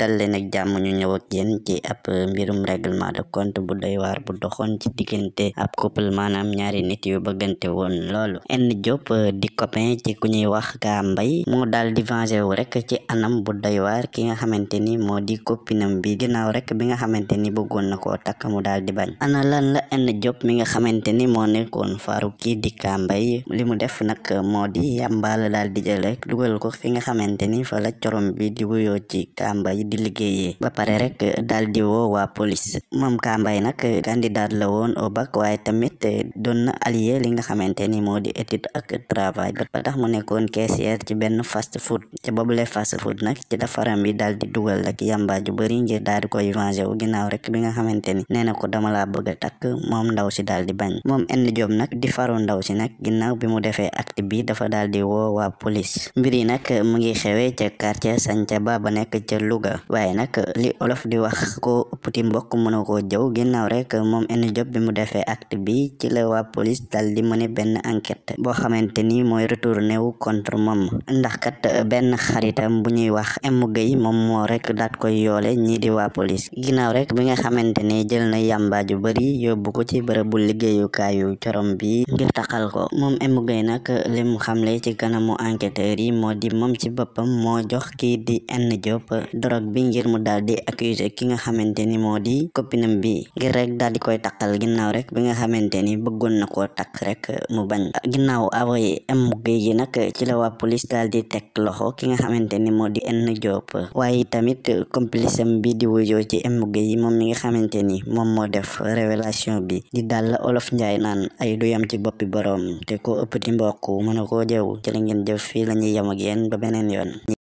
dal leen ak jàmm ñu ñëw ak yéen ci ab mbirum règlement de compte bu doy waar bu ci diggante ab couple maanaam ñaari nit yu bëggante woon loolu en Diop euh, di copain ci ku ñuy wax kaa mbay moo daal di venger wu rek ci anam bu day waar ki nga xamante ni moo di copinam bi ginnaaw rek bi nga xamante ni bëggoon na koo takk mu daal di bañ ana lan la en Diop mi nga xamante ni moo nekkoon faaru kii di kaa mbay li mu def nag moo di yàmbaala daal di jël dugal ko fi di liggéeyee ba pare rek daal di woo waa police moom Ka Mbaye nag candidat la woon au waaye tamit doon na allié li nga xamante ni moo di étude ak travail ba tax mu nekkoon caissière ci benn fast food te boobule fast food nag ci dafaram bi daal di dugal ak yamba ju bëri ngir daal di koy venger wu ginnaaw rek bi nga xamante ni nee na ko dama laa bëgg a takk moom ndaw si daal di bañ moom Enda Diop nag di faru ndaw si nag ginnaaw bi mu defee acte bi dafa daal di woo waa police mbir yi nag mu ngi xewee ca quartier Santhiaba ba nekk ca Louga waaye nag li olof di wax ko ëppati mbokk mënoo ko jëw ginnaaw rek moom N Diop bi mu defee acte bi ci la waa police dal di mëne benn enquête boo xamante ni mooy retourné wu contre moom ndax kat benn xaritam bu ñuy wax M Gueye moom moo rek daat koy yoole ñii di waa police ginnaaw rek bi nga xamante ni jël na yàmbaa ju bëri yóbbu ko ci bërëbu liggéeyukaayu corom bi ngir taxal ko moom M Gueye nag li xam xamle ci kanamu enquêteurs yi moo di moom ci boppam moo jox kii di N bi ngir mu daal di accuser ki nga xamante ni moo di copinam bi ngir rek daal di koy takkal ginnaaw rek bi nga xamante ni bëggoon na koo takk rek mu bañ ginnaaw away am géy gi nag ci la waa police daal di teg loxo ki nga xamante ni moo di N waaye tamit complice am bi di wujoo ci am géy moom mi nga xamante ni moom moo def révélation bi di daal olof njaay naan ay du yam ci boppi boroom te ko ëpp ti mbokk mën a koo jëw ci la ngeen jëf fii la ñuy yam ak yéen ba beneen yoon